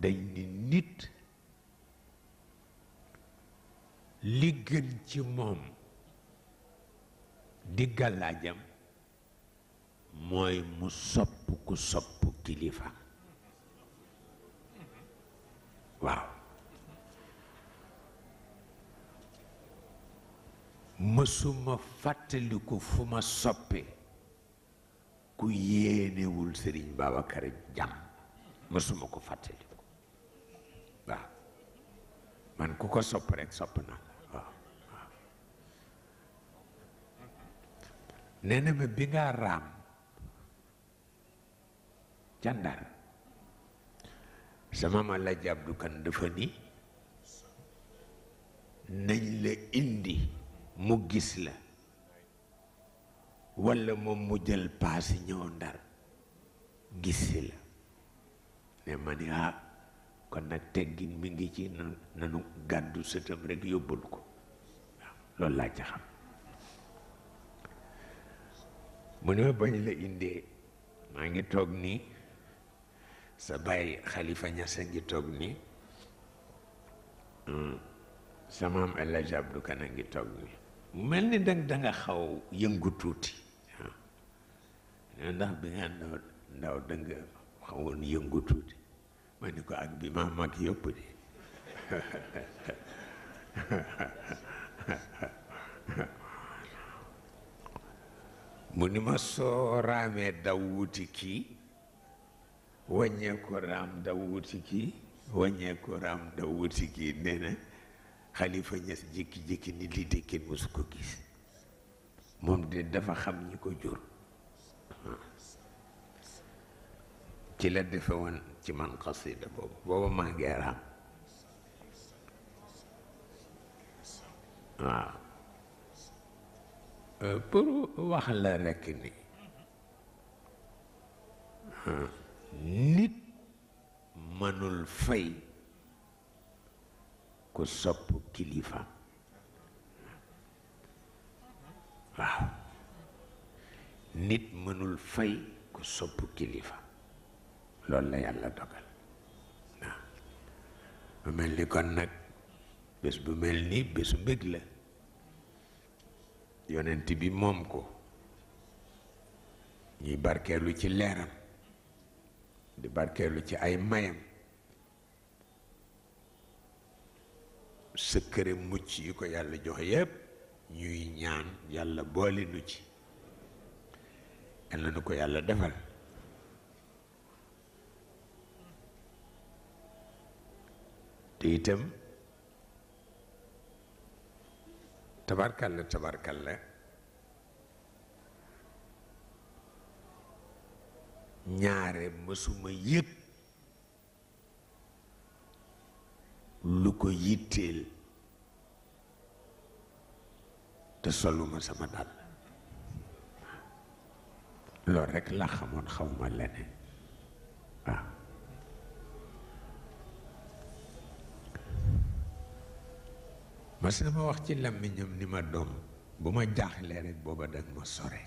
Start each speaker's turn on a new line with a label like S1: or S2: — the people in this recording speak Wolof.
S1: dañ ni nit li gën ci moom di gàllaajam mooy mu sopp ku sopp kilifa waaw mësuma fàttaliku fu ma soppe ku yéenewul Sëriñ Babacar jàmm mësuma ko fàttaliku 다 Man 그거 소프렉 소프나 nene me bi nga sama malah jab dukan Nenle indi mu gis wala mo mujal pasi nyondar. Gisila. Nenek mani ha. Ah, kon nag teggi bi ngi ci nanu gàddu sëtam rek yóbbul ko waaw loolu laa ci xam mu ne bañ la indee maa ngi toog nii sa bàyyi xalifa ñasa ngi toog nii euh, sama am Alaaji Abdu Kan a ngi toog nii mu mel ni dang danga xaw yëngu tuuti waaw ndax bi nga ndaw ndaw danga xawoon yëngu tuuti ma ni ko ak bi ma mag yëpp de mu ni ma soo raamee daw wuti kii wàññee ko raam daw wuti kii wàññee ko raam daw xalifa ñes jékki-jékki ni lii de kenn ko gis moom de dafa xam ñi ko jur ci la defe woon ci man xasida boobu boobu maa ngi raam euh, wax la rekk ni nit mënul fay ku sopp kilifa lool la yàlla dogal waaw mu mel ni kon nag bés bu mel ni bésu mbég la yonent bi moom ko ñuy barkeelu ci leeram di barkeelu ci ay mayam sëkkëre mucc yi ko yàlla joxe yépp ñuy ñaan yàlla boole nu ci yàlla nu ko yàlla defal te itam tabarkal la ñaare mësuma yëg lu ko yitteel te soluma sama dal loolu rekk la xamoon xawma leneen mas na ma wax ci làmmiñam ni ma doom bu ma jaaxlee rek booba dag ma sore